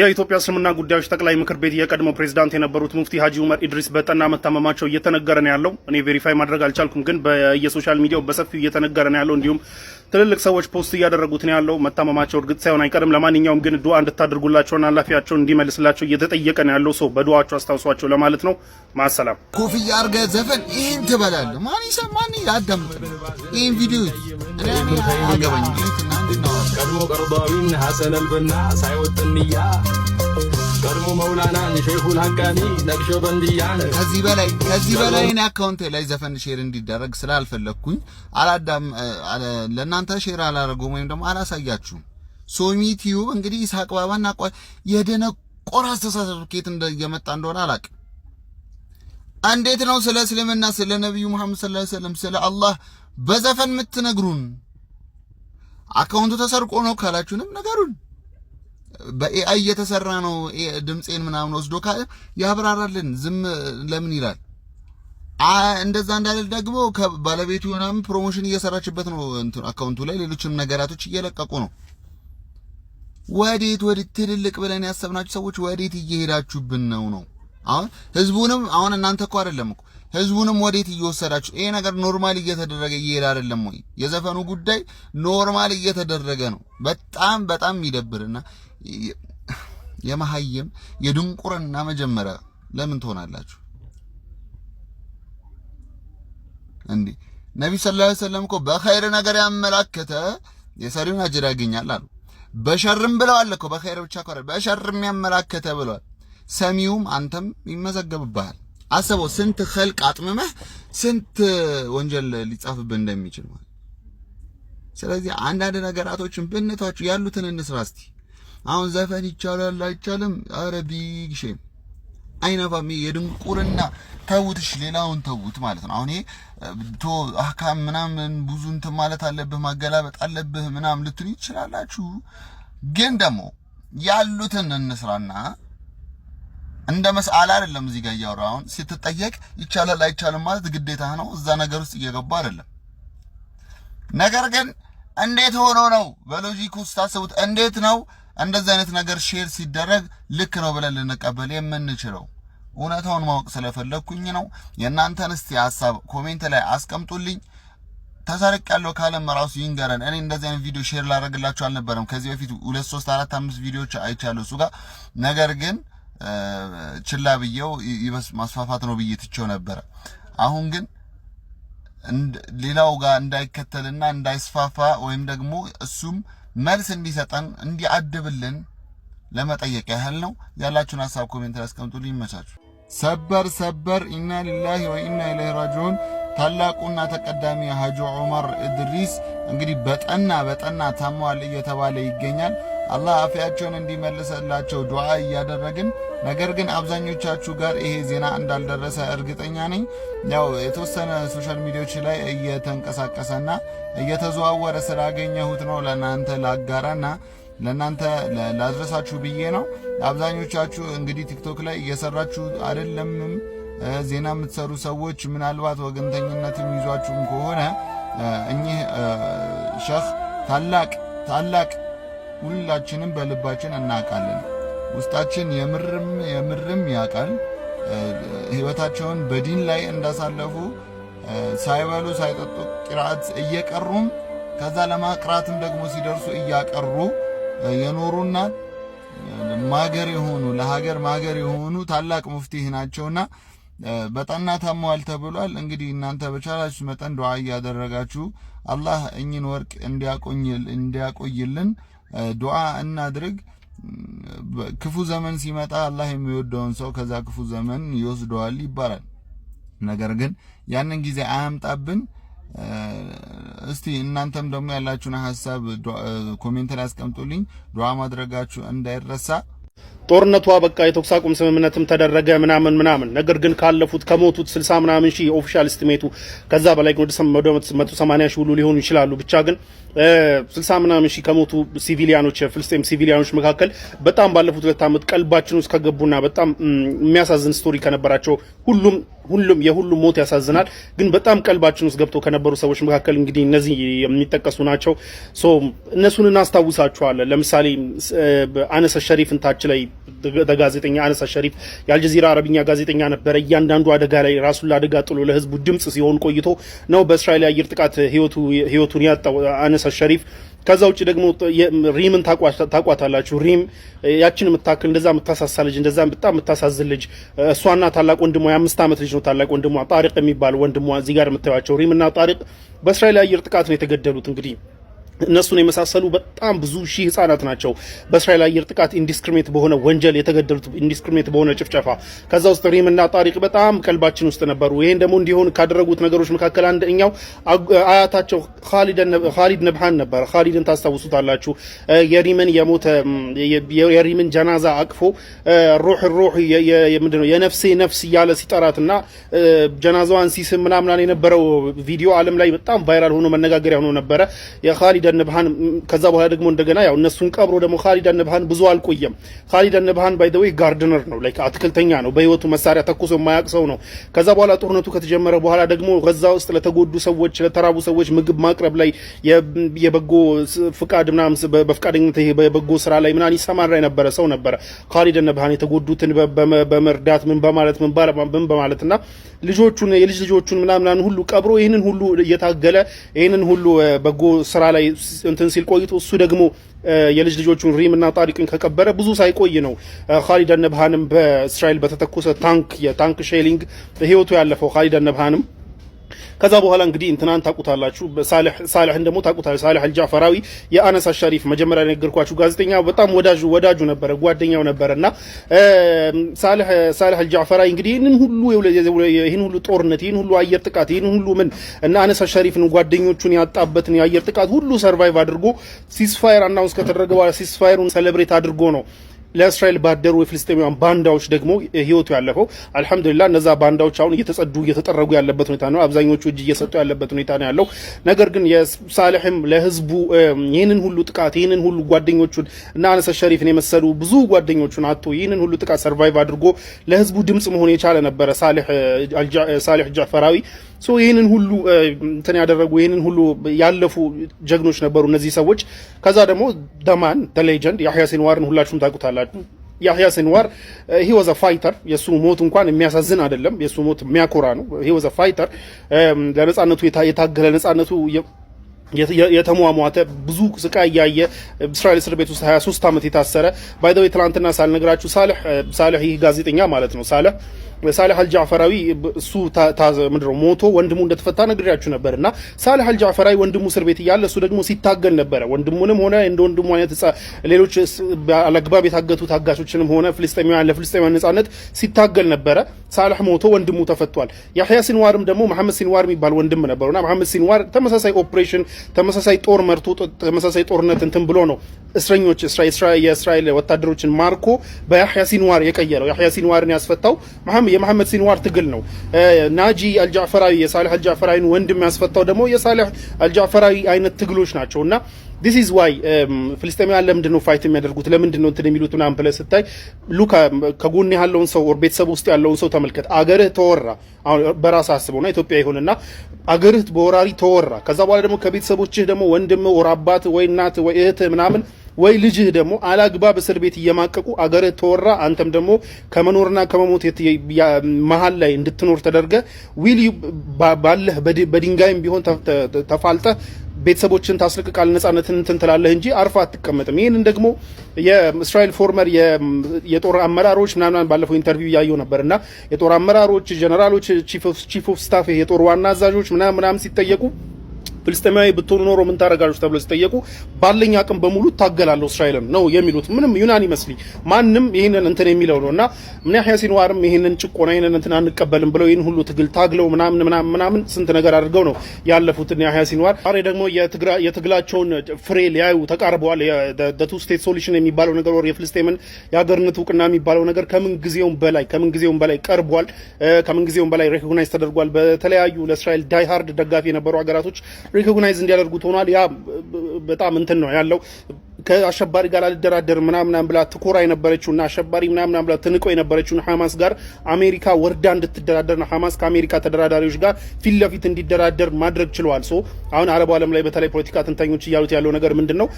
የኢትዮጵያ እስልምና ጉዳዮች ጠቅላይ ምክር ቤት የቀድሞ ፕሬዝዳንት የነበሩት ሙፍቲ ሀጂ ዑመር ኢድሪስ በጠና መታመማቸው እየተነገረ ነው ያለው። እኔ ቬሪፋይ ማድረግ አልቻልኩም፣ ግን በየሶሻል ሚዲያው በሰፊው እየተነገረ ነው ያለው። እንዲሁም ትልልቅ ሰዎች ፖስት እያደረጉት ነው ያለው። መታመማቸው እርግጥ ሳይሆን አይቀርም። ለማንኛውም ግን ዱዓ እንድታደርጉላቸውና አላፊያቸውን እንዲመልስላቸው እየተጠየቀ ነው ያለው። ሰው በዱዓቸው አስታውሷቸው ለማለት ነው። ማሰላም ኮፍያ አርገ ዘፈን ይህን ትበላለ ማን ይሰማን? ያዳምጥ ይህን ቪዲዮ እኔ አገባኝ ቀድሞ ቀርባዊን ሐሰን አልበና ሳይወጥንያ ቀድሞ መውላናን ሼኹን ሀቃኒ ነቅሸበንድያን ከዚህ በላይ ከዚህ በላይ እኔ አካውንቴ ላይ ዘፈን ሼር እንዲደረግ ስላልፈለግኩኝ አላዳም ለእናንተ ሼር አላደረገውም ወይም ደግሞ አላሳያችሁም። ሶሚ ቲዩብ እንግዲህ ኢስሐቅ ባባና ቋ የደነቆረ አስተሳሰብ ኬት እየመጣ እንደሆነ አላቅም። እንዴት ነው ስለ እስልምና ስለ ነቢዩ መሐመድ ሰለላሁ ዐለይሂ ወሰለም ስለ አላህ በዘፈን የምትነግሩን? አካውንቱ ተሰርቆ ነው ካላችሁንም ነገሩን በኤአይ እየተሰራ ነው ድምፄን ምናምን ወስዶ ያብራራልን። ዝም ለምን ይላል? እንደዛ እንዳለል ደግሞ ከባለቤቱ ምናምን ፕሮሞሽን እየሰራችበት ነው አካውንቱ ላይ ሌሎችም ነገራቶች እየለቀቁ ነው። ወዴት ወዴት ትልልቅ ብለን ያሰብናችሁ ሰዎች ወዴት እየሄዳችሁብን ነው ነው አሁን ህዝቡንም አሁን እናንተ እኮ አይደለም እኮ ህዝቡንም ወዴት እየወሰዳችሁ ይሄ ነገር ኖርማል እየተደረገ እየሄደ አይደለም ወይ? የዘፈኑ ጉዳይ ኖርማል እየተደረገ ነው። በጣም በጣም የሚደብርና የመሀየም የድንቁርና መጀመሪያ ለምን ትሆናላችሁ እንዴ? ነቢዩ ሰለላሁ ዐለይሂ ወሰለም እኮ በኸይር ነገር ያመላከተ የሰሪውን አጅር ያገኛል አሉ። በሸርም ብለዋል እኮ በኸይር ብቻ በሸርም ያመላከተ ብለዋል። ሰሚውም አንተም ይመዘገብብሃል። አሰበው ስንት ኸልቅ አጥምመህ ስንት ወንጀል ሊጻፍብህ እንደሚችል ማለት። ስለዚህ አንዳንድ ነገራቶችን ብንታችሁ ያሉትን እንስራ እስቲ። አሁን ዘፈን ይቻላል አይቻልም? አረ ቢግ ሼም አይነፋም። የድንቁርና ተውትሽ፣ ሌላውን ተውት ማለት ነው። አሁን ቶ አካም ምናምን ብዙ እንትን ማለት አለብህ ማገላበጥ አለብህ ምናምን ልትሉ ይችላላችሁ። ግን ደግሞ ያሉትን እንስራና እንደ መስአል አይደለም። እዚህ ጋር እያወራ አሁን ስትጠየቅ ይቻላል አይቻልም ማለት ግዴታ ነው። እዛ ነገር ውስጥ እየገባ አይደለም። ነገር ግን እንዴት ሆኖ ነው በሎጂክ ውስጥ አስቡት፣ እንዴት ነው እንደዚህ አይነት ነገር ሼር ሲደረግ ልክ ነው ብለን ልንቀበል የምንችለው? እውነታውን ማወቅ ስለፈለግኩኝ ነው። የእናንተን እስቲ ሀሳብ ኮሜንት ላይ አስቀምጡልኝ። ተሰርቅ ያለው ካለም ራሱ ይንገረን። እኔ እንደዚህ አይነት ቪዲዮ ሼር ላደረግላችሁ አልነበረም። ከዚህ በፊት ሁለት ሶስት አራት አምስት ቪዲዮዎች አይቻለሁ እሱ ጋር ነገር ግን ችላ ብዬው ማስፋፋት ነው ብዬ ትቼው ነበረ። አሁን ግን ሌላው ጋር እንዳይከተልና እንዳይስፋፋ ወይም ደግሞ እሱም መልስ እንዲሰጠን እንዲያድብልን ለመጠየቅ ያህል ነው። ያላችሁን ሀሳብ ኮሜንት ላይ አስቀምጡልኝ። ይመቻችሁ። ሰበር ሰበር! ኢና ሊላሂ ወኢና ኢለይሂ ራጂዑን። ታላቁና ተቀዳሚ ሀጂ ዑመር ኢድሪስ እንግዲህ በጠና በጠና ታሟል እየተባለ ይገኛል። አላህ አፍያቸውን እንዲመልሰላቸው ዱዓ እያደረግን ነገር ግን አብዛኞቻችሁ ጋር ይሄ ዜና እንዳልደረሰ እርግጠኛ ነኝ። ያው የተወሰነ ሶሻል ሚዲያዎች ላይ እየተንቀሳቀሰና እየተዘዋወረ ስላገኘሁት ነው ለእናንተ ላጋራና ለእናንተ ላድረሳችሁ ብዬ ነው። አብዛኞቻችሁ እንግዲህ ቲክቶክ ላይ እየሰራችሁ አይደለምም። ዜና የምትሰሩ ሰዎች ምናልባት ወገንተኝነትም ይዟችሁም ከሆነ እኚህ ሸህ ታላቅ ታላቅ ሁላችንም በልባችን እናውቃለን። ውስጣችን የምርም የምርም ያውቃል። ህይወታቸውን በዲን ላይ እንዳሳለፉ ሳይበሉ ሳይጠጡ ቂራአት እየቀሩም ከዛ ለማቅራትም ደግሞ ሲደርሱ እያቀሩ የኖሩና ማገር የሆኑ ለሀገር ማገር የሆኑ ታላቅ ሙፍቲህ ናቸውና በጠና ታመዋል ተብሏል። እንግዲህ እናንተ በቻላችሁ መጠን ዱዓ እያደረጋችሁ አላህ እኝን ወርቅ እንዲያቆይልን ዱዓ እናድርግ። ክፉ ዘመን ሲመጣ አላህ የሚወደውን ሰው ከዛ ክፉ ዘመን ይወስደዋል ይባላል። ነገር ግን ያንን ጊዜ አያምጣብን። እስቲ እናንተም ደግሞ ያላችሁን ሀሳብ ኮሜንት ላይ አስቀምጡልኝ። ዱዓ ማድረጋችሁ እንዳይረሳ። ጦርነቱ አበቃ፣ የተኩስ አቁም ስምምነትም ተደረገ ምናምን ምናምን። ነገር ግን ካለፉት ከሞቱት 60 ምናምን ሺህ ኦፊሻል እስቲሜቱ ከዛ በላይ ወደ 180 ሺህ ሁሉ ሊሆኑ ይችላሉ። ብቻ ግን 60 ምናምን ሺህ ከሞቱ ሲቪሊያኖች ፍልስጤም ሲቪሊያኖች መካከል በጣም ባለፉት ሁለት ዓመት ቀልባችን ውስጥ ከገቡና በጣም የሚያሳዝን ስቶሪ ከነበራቸው ሁሉም ሁሉም የሁሉም ሞት ያሳዝናል። ግን በጣም ቀልባችን ውስጥ ገብቶ ከነበሩ ሰዎች መካከል እንግዲህ እነዚህ የሚጠቀሱ ናቸው። እነሱን እናስታውሳቸዋለን። ለምሳሌ አነሰ ሸሪፍን ታች ላይ ጋዜጠኛ አነሳ ሸሪፍ የአልጀዚራ አረብኛ ጋዜጠኛ ነበረ። እያንዳንዱ አደጋ ላይ ራሱን ለአደጋ ጥሎ ለህዝቡ ድምፅ ሲሆን ቆይቶ ነው በእስራኤል የአየር ጥቃት ህይወቱን ያጣው አነሳ ሸሪፍ ከዛ ውጭ ደግሞ ሪምን ታቋታላችሁ። ሪም ያችን የምታክል እንደዛ የምታሳሳ ልጅ እንደዛ በጣም የምታሳዝን ልጅ እሷና ታላቅ ወንድሟ የአምስት ዓመት ልጅ ነው ታላቅ ወንድሟ ጣሪቅ የሚባል ወንድሟ እዚህ ጋር የምታዩቸው ሪም እና ጣሪቅ በእስራኤል የአየር ጥቃት ነው የተገደሉት እንግዲህ እነሱን የመሳሰሉ በጣም ብዙ ሺህ ህጻናት ናቸው በእስራኤል አየር ጥቃት ኢንዲስክሪሜት በሆነ ወንጀል የተገደሉት፣ ኢንዲስክሪሜት በሆነ ጭፍጨፋ። ከዛ ውስጥ ሪምና ጣሪቅ በጣም ቀልባችን ውስጥ ነበሩ። ይሄን ደግሞ እንዲሆን ካደረጉት ነገሮች መካከል አንደኛው አያታቸው ካሊድ ነብሃን ነበር። ካሊድን ታስታውሱታላችሁ። የሪምን የሞተ የሪምን ጀናዛ አቅፎ ሩህ ሩህ ምንድን ነው የነፍሴ ነፍስ እያለ ሲጠራትና ጀናዛዋን ሲስም ምናምናን የነበረው ቪዲዮ አለም ላይ በጣም ቫይራል ሆኖ መነጋገሪያ ሆኖ ነበረ የኻሊድ አንብሃን ከዛ በኋላ ደግሞ እንደገና ያው እነሱን ቀብሮ ደግሞ ካሊድ አንብሃን ብዙ አልቆየም። ካሊድ አንብሃን ባይ ዘ ዌይ ጋርድነር ነው፣ ላይክ አትክልተኛ ነው። በህይወቱ መሳሪያ ተኩሶ የማያቅ ሰው ነው። ከዛ በኋላ ጦርነቱ ከተጀመረ በኋላ ደግሞ ጋዛ ውስጥ ለተጎዱ ሰዎች፣ ለተራቡ ሰዎች ምግብ ማቅረብ ላይ የበጎ ፍቃድ ምናምን በፍቃደኝነት በበጎ ስራ ላይ ምናምን ይሰማራ የነበረ ሰው ነበረ። ካሊድ አንብሃን የተጎዱትን በመርዳት ምን በማለት ምን በማለት እና ልጆቹን የልጅ ልጆቹን ምናምናን ሁሉ ቀብሮ ይህንን ሁሉ እየታገለ ይህንን ሁሉ በጎ ስራ ላይ እንትን ሲል ቆይቶ እሱ ደግሞ የልጅ ልጆቹን ሪም እና ጣሪቅን ከቀበረ ብዙ ሳይቆይ ነው ኻሊድ አልነብሃንም በእስራኤል በተተኮሰ ታንክ የታንክ ሼሊንግ ህይወቱ ያለፈው ኻሊድ አልነብሃንም ከዛ በኋላ እንግዲህ እንትናን ታቁታላችሁ፣ ሳልሕን ደግሞ ታቁታላችሁ። ሳልሕ አልጃፈራዊ የአነስ አሻሪፍ መጀመሪያ ነገርኳችሁ ጋዜጠኛ በጣም ወዳጁ ወዳጁ ነበረ ጓደኛው ነበረ እና ሳልሕ አልጃፈራዊ እንግዲህ ይህን ሁሉ ይህን ሁሉ ጦርነት ይህን ሁሉ አየር ጥቃት ይህን ሁሉ ምን እና አነስ አሻሪፍን ጓደኞቹን ያጣበትን የአየር ጥቃት ሁሉ ሰርቫይቭ አድርጎ ሲስፋየር አናውንስ ከተደረገ በኋላ ሲስፋየሩን ሴሌብሬት አድርጎ ነው ለእስራኤል ባደሩ የፍልስጤማውያን ባንዳዎች ደግሞ ህይወቱ ያለፈው አልሐምዱሊላ እነዛ ባንዳዎች አሁን እየተጸዱ እየተጠረጉ ያለበት ሁኔታ ነው። አብዛኞቹ እጅ እየሰጡ ያለበት ሁኔታ ነው ያለው። ነገር ግን የሳልሕም ለህዝቡ ይህንን ሁሉ ጥቃት ይህንን ሁሉ ጓደኞቹን እና አነሰ ሸሪፍን የመሰሉ ብዙ ጓደኞቹን አቶ ይህንን ሁሉ ጥቃት ሰርቫይቭ አድርጎ ለህዝቡ ድምጽ መሆን የቻለ ነበረ ሳልሕ ጃዕፈራዊ ይህንን ሁሉ እንትን ያደረጉ ይህንን ሁሉ ያለፉ ጀግኖች ነበሩ እነዚህ ሰዎች። ከዛ ደግሞ ደማን ተሌጀንድ ያህያ ሲንዋርን ሁላችሁም ታውቁታላችሁ። ያህያ ሲንዋር ሂ ወዘ ፋይተር። የእሱ ሞት እንኳን የሚያሳዝን አይደለም። የእሱ ሞት የሚያኮራ ነው። ሂ ወዘ ፋይተር፣ ለነጻነቱ የታገለ ነጻነቱ የተሟሟተ ብዙ ስቃይ ያየ እስራኤል እስር ቤት ውስጥ 23 ዓመት የታሰረ ባይደው። ትናንትና ሳልነግራችሁ ሳልሕ ሳልሕ ይህ ጋዜጠኛ ማለት ነው ሳልሕ ሳሊህ አልጃዕፈራዊ እሱ ምድሮ ሞቶ ወንድሙ እንደተፈታ ነግሬያችሁ ነበር። እና ሳሊህ አልጃዕፈራዊ ወንድሙ እስር ቤት እያለ እሱ ደግሞ ሲታገል ነበረ። ወንድሙንም ሆነ እንደ ወንድሙ አይነት ሌሎች አላግባብ የታገቱ ታጋቾችንም ሆነ ፍልስጤማውያን ለፍልስጤማውያን ነጻነት ሲታገል ነበረ። ሳሊህ ሞቶ ወንድሙ ተፈቷል። ያህያ ሲንዋርም ደግሞ መሐመድ ሲንዋር የሚባል ወንድም ነበረው እና መሐመድ ሲንዋር ተመሳሳይ ኦፕሬሽን ተመሳሳይ ጦር መርቶ ተመሳሳይ ጦርነት እንትን ብሎ ነው እስረኞች የእስራኤል ወታደሮችን ማርኮ በያህያ ሲንዋር የቀየረው ያህያ ሲንዋርን ያስፈታው የመሐመድ ሲንዋር ትግል ነው። ናጂ አልጃዕፈራዊ የሳሌሕ አልጃዕፈራዊን ወንድም ያስፈታው ደግሞ የሳሌሕ አልጃዕፈራዊ አይነት ትግሎች ናቸው እና ዲስ ኢዝ ዋይ ፍልስጤማውያን ለምንድን ነው ፋይት የሚያደርጉት? ለምንድን ነው እንትን የሚሉት ምናምን ብለህ ስታይ ሉካ ከጎን ያለውን ሰው ወር ቤተሰብ ውስጥ ያለውን ሰው ተመልከት። አገርህ ተወራ፣ አሁን በራስህ አስበውና ኢትዮጵያ ይሁንና አገርህ በወራሪ ተወራ። ከዛ በኋላ ደግሞ ከቤተሰቦችህ ደግሞ ወንድም ወር አባት ወይ እናት ወይ እህት ምናምን ወይ ልጅህ ደግሞ አላግባብ እስር ቤት እየማቀቁ አገርህ ተወራ፣ አንተም ደግሞ ከመኖርና ከመሞት መሀል ላይ እንድትኖር ተደርገ ዊል ባለህ በድንጋይም ቢሆን ተፋልጠህ ቤተሰቦችን ታስለቅቃል፣ ነጻነትን እንትን ትላለህ እንጂ አርፋ አትቀመጥም። ይህንን ደግሞ የእስራኤል ፎርመር የጦር አመራሮች ምናምን ባለፈው ኢንተርቪው እያየሁ ነበር እና የጦር አመራሮች ጀነራሎች፣ ቺፍ ኦፍ ስታፍ፣ የጦር ዋና አዛዦች ምናምን ምናምን ሲጠየቁ ፍልስጤማዊ ብትሆኑ ኖሮ ምን ታደርጋለች ተብሎ ሲጠየቁ ባለኝ አቅም በሙሉ ታገላለሁ እስራኤልን ነው የሚሉት። ምንም ዩናን ይመስል ማንም ይህንን እንትን የሚለው ነው እና ምን ያህያ ሲንዋርም ይህንን ጭቆና ይህንን እንትን አንቀበልም ብለው ይህን ሁሉ ትግል ታግለው ምናምን ምናምን ምናምን ስንት ነገር አድርገው ነው ያለፉት። ያህያ ሲንዋር ዛሬ ደግሞ የትግላቸውን ፍሬ ሊያዩ ተቃርበዋል። ቱ ስቴት ሶሉሽን የሚባለው ነገር ወር የፍልስጤምን የሀገርነት እውቅና የሚባለው ነገር ከምን ጊዜውም በላይ ከምን ጊዜውም በላይ ቀርቧል። ከምን ጊዜውም በላይ ሬኮግናይዝ ተደርጓል። በተለያዩ ለእስራኤል ዳይሃርድ ደጋፊ የነበሩ ሀገራቶች ሪኮግናይዝ እንዲያደርጉት ሆኗል። ያ በጣም እንትን ነው ያለው። ከአሸባሪ ጋር አልደራደርም ምናምናም ብላ ትኮራ የነበረችውና አሸባሪ ምናምናም ብላ ትንቆ የነበረችውን ሐማስ ጋር አሜሪካ ወርዳ ና ሐማስ ከአሜሪካ ተደራዳሪዎች ጋር ፊት ለፊት እንዲደራደር ማድረግ ችለዋል። ሶ አሁን አረብ ዓለም ላይ በተለይ ፖለቲካ ትንታኞች እያሉት ያለው ነገር ምንድን ነው?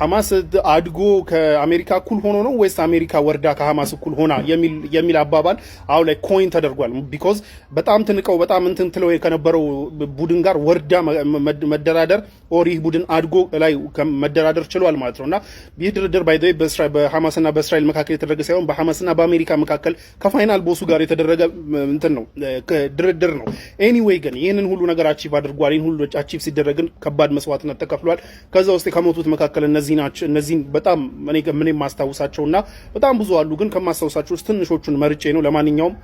ሐማስ አድጎ ከአሜሪካ እኩል ሆኖ ነው ወይስ አሜሪካ ወርዳ ከሐማስ እኩል ሆና የሚል አባባል አሁን ላይ ኮይን ተደርጓል። ቢኮዝ በጣም ትንቀው በጣም እንትን ትለው ከነበረው ቡድን ጋር ወርዳ መደራደር ኦር ይህ ቡድን አድጎ ላይ መደራደር ችሏል ማለት ነው እና ይህ ድርድር ባይ በሐማስና በእስራኤል መካከል የተደረገ ሳይሆን በሐማስና በአሜሪካ መካከል ከፋይናል ቦሱ ጋር የተደረገ እንትን ነው ድርድር ነው። ኤኒዌይ ግን ይህንን ሁሉ ነገር አቺቭ አድርጓል። ይህን ሁሉ አቺቭ ሲደረግን ከባድ መስዋዕትነት ተከፍሏል። ከዛ ውስጥ ከሞቱት መካከል እነዚህ ናቸው። እነዚህን በጣም እኔ የማስታውሳቸውና በጣም ብዙ አሉ፣ ግን ከማስታውሳቸው ውስጥ ትንሾቹን መርጬ ነው። ለማንኛውም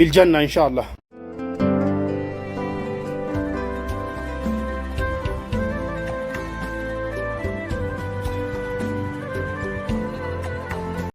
ፊልጀና ኢንሻአላህ